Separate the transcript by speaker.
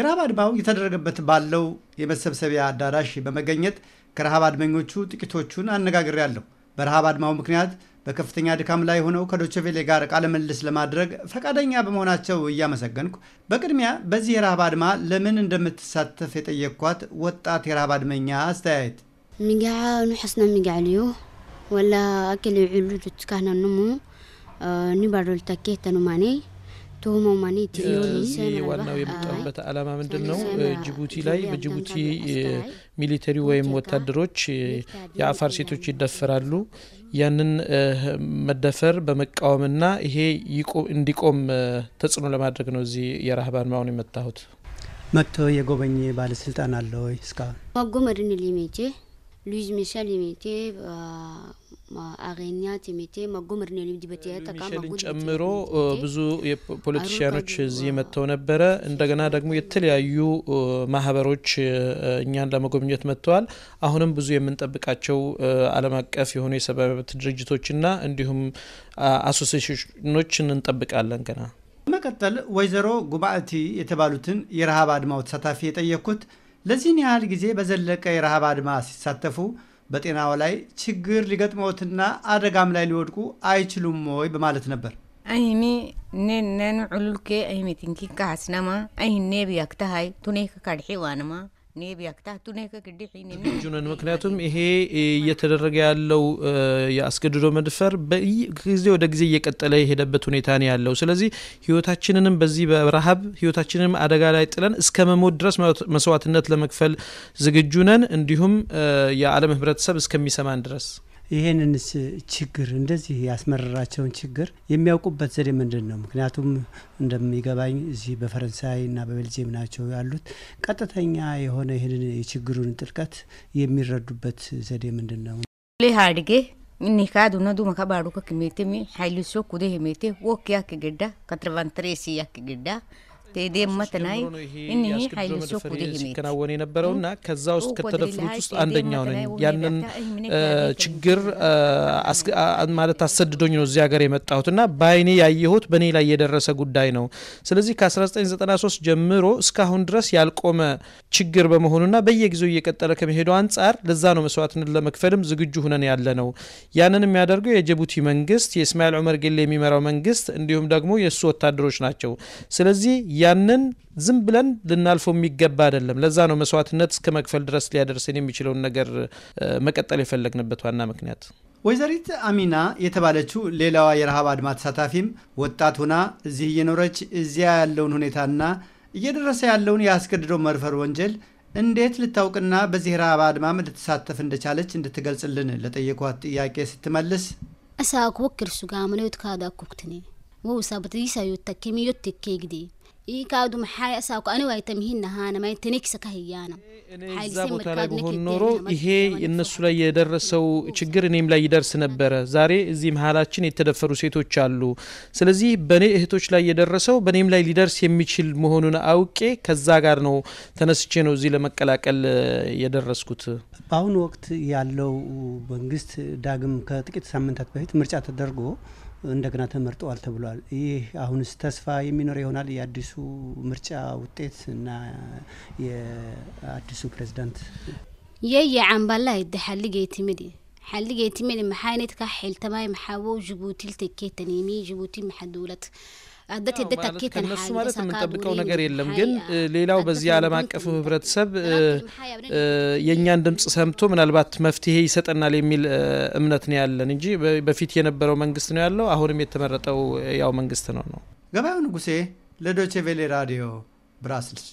Speaker 1: የረሃብ አድማው የተደረገበት ባለው የመሰብሰቢያ አዳራሽ በመገኘት ከረሃብ አድመኞቹ ጥቂቶቹን አነጋግሬያለሁ። በረሃብ አድማው ምክንያት በከፍተኛ ድካም ላይ ሆነው ከዶቸቬሌ ጋር ቃለ ምልልስ ለማድረግ ፈቃደኛ በመሆናቸው እያመሰገንኩ፣ በቅድሚያ በዚህ የረሃብ አድማ ለምን እንደምትሳተፍ የጠየቅኳት ወጣት የረሃብ አድመኛ አስተያየት ሚጋዓ ንሐስና ሚጋዕ ልዩ ወላ አክል ዋናው
Speaker 2: የመጣሁበት አላማ ምንድን ነው? ጅቡቲ ላይ በጅቡቲ ሚሊተሪ ወይም ወታደሮች የአፋር ሴቶች ይደፈራሉ። ያንን መደፈር በመቃወምና ይሄ እንዲቆም ተጽዕኖ ለማድረግ ነው እዚህ የራህባን ማሁን የመታሁት መጥቶ የጎበኝ ባለስልጣን አለ ወይ? እስካሁን
Speaker 1: ማጎመድን ሊሜቼ ሉዊዝ ሚሻል ሊሜቴ አሬኛ ቲሜቴ መጎምር ነው ልጅበት ሚሼልን
Speaker 2: ጨምሮ ብዙ የፖለቲሽያኖች እዚህ መጥተው ነበረ። እንደገና ደግሞ የተለያዩ ማህበሮች እኛን ለመጎብኘት መጥተዋል። አሁንም ብዙ የምንጠብቃቸው ዓለም አቀፍ የሆኑ የሰብአዊ መብት ድርጅቶችና እንዲሁም አሶሲሽኖች እንጠብቃለን ገና
Speaker 1: በመቀጠል ወይዘሮ ጉባኤቲ የተባሉትን የረሃብ አድማው ተሳታፊ የጠየኩት ለዚህን ያህል ጊዜ በዘለቀ የረሃብ አድማ ሲሳተፉ በጤናው ላይ ችግር ሊገጥመዎትና አደጋም ላይ ሊወድቁ አይችሉም ወይ በማለት ነበር። አይኒ ነነን ዑሉልኬ አይሜቲንኪ ካሃስናማ አይኔ ብያክታሃይ ቱኔ ከካድሒ ዋንማ እኔ ቢያክታቱ ነ ከግዴ
Speaker 2: ምክንያቱም ይሄ እየተደረገ ያለው የአስገድዶ መድፈር ጊዜ ወደ ጊዜ እየቀጠለ የሄደበት ሁኔታ ነው ያለው። ስለዚህ ህይወታችንንም በዚህ በረሃብ ህይወታችንንም አደጋ ላይ ጥለን እስከ መሞት ድረስ መስዋዕትነት ለመክፈል ዝግጁ ነን። እንዲሁም የዓለም ህብረተሰብ እስከሚሰማን ድረስ
Speaker 1: ይህንንስ ችግር እንደዚህ ያስመረራቸውን ችግር የሚያውቁበት ዘዴ ምንድን ነው? ምክንያቱም እንደሚገባኝ እዚህ በፈረንሳይ እና በቤልጅየም ናቸው ያሉት። ቀጥተኛ የሆነ ይህንን የችግሩን ጥልቀት የሚረዱበት ዘዴ ምንድን ነው? ሌሃድጌ እኒካዱና ዱመ ከባሩከ ክሜቴሚ ሀይሊሶ ኩዴ ወክ ያክ ግዳ ከትርቫንትሬሲ ያክ ግዳ ተዴመተናይ እኒህ ሀይል ሶክ ወደ
Speaker 2: ሲከናወን የነበረውና ከዛ ውስጥ ከተደፈሩት ውስጥ አንደኛው ነኝ። ያንን ችግር ማለት አሰድዶኝ ነው እዚህ ሀገር የመጣሁትና በአይኔ ያየሁት በእኔ ላይ የደረሰ ጉዳይ ነው። ስለዚህ ከ1993 ጀምሮ እስካሁን ድረስ ያልቆመ ችግር በመሆኑና በየጊዜው እየቀጠለ ከመሄዱ አንጻር ለዛ ነው መስዋዕትነት ለመክፈልም ዝግጁ ሁነን ያለ ነው። ያንን የሚያደርገው የጅቡቲ መንግስት፣ የእስማኤል ዑመር ጌሌ የሚመራው መንግስት እንዲሁም ደግሞ የእሱ ወታደሮች ናቸው። ስለዚህ ያንን ዝም ብለን ልናልፈው የሚገባ አይደለም። ለዛ ነው መስዋዕትነት እስከ መክፈል ድረስ ሊያደርሰን የሚችለውን ነገር መቀጠል የፈለግንበት ዋና ምክንያት።
Speaker 1: ወይዘሪት አሚና የተባለችው ሌላዋ የረሃብ አድማ ተሳታፊም ወጣት ሁና እዚህ እየኖረች እዚያ ያለውን ሁኔታና እየደረሰ ያለውን የአስገድዶ መድፈር ወንጀል እንዴት ልታውቅና በዚህ ረሃብ አድማም እንድትሳተፍ እንደቻለች እንድትገልጽልን ለጠየኳት ጥያቄ ስትመልስ እሳ ካዳኩክትኔ ወውሳ ካዳ ኩክትኔ ወውሳብትይሳዮተኬሚዮቴኬ ግዴ ኢካዱ መሓይ እሳኩ አነ ዋይተምሂናሃነ ማይ ተኔክሰ ካህያነ እዛ ቦታ ላይ በሆን
Speaker 2: ኖሮ ይሄ እነሱ ላይ የደረሰው ችግር እኔም ላይ ይደርስ ነበረ። ዛሬ እዚህ መሀላችን የተደፈሩ ሴቶች አሉ። ስለዚህ በእኔ እህቶች ላይ የደረሰው በእኔም ላይ ሊደርስ የሚችል መሆኑን አውቄ ከዛ ጋር ነው ተነስቼ ነው እዚህ ለመቀላቀል የደረስኩት።
Speaker 1: በአሁኑ ወቅት ያለው መንግስት ዳግም ከጥቂት ሳምንታት በፊት ምርጫ ተደርጎ እንደገና ተመርጠዋል ተብሏል። ይህ አሁንስ ተስፋ የሚኖር ይሆናል? የአዲሱ ምርጫ ውጤት እና የአዲሱ ፕሬዚዳንት የየ ፕሬዝዳንት የየዓምባላ ይደሓልገይ ትምድ ሓሊ ትምድ መሓይነትካ ሒልተማይ መሓቦ ጅቡቲ ልተኬ ጅቡቲ መሓዱለት ከነሱ ማለት የምንጠብቀው ነገር የለም።
Speaker 2: ግን ሌላው በዚህ ዓለም አቀፉ ህብረተሰብ የእኛን ድምጽ ሰምቶ ምናልባት መፍትሄ ይሰጠናል የሚል እምነት ነው ያለን እንጂ በፊት የነበረው መንግስት ነው ያለው። አሁንም የተመረጠው ያው መንግስት ነው ነው።
Speaker 1: ገበያው ንጉሴ ለዶቼ ቬሌ ራዲዮ ብራስልስ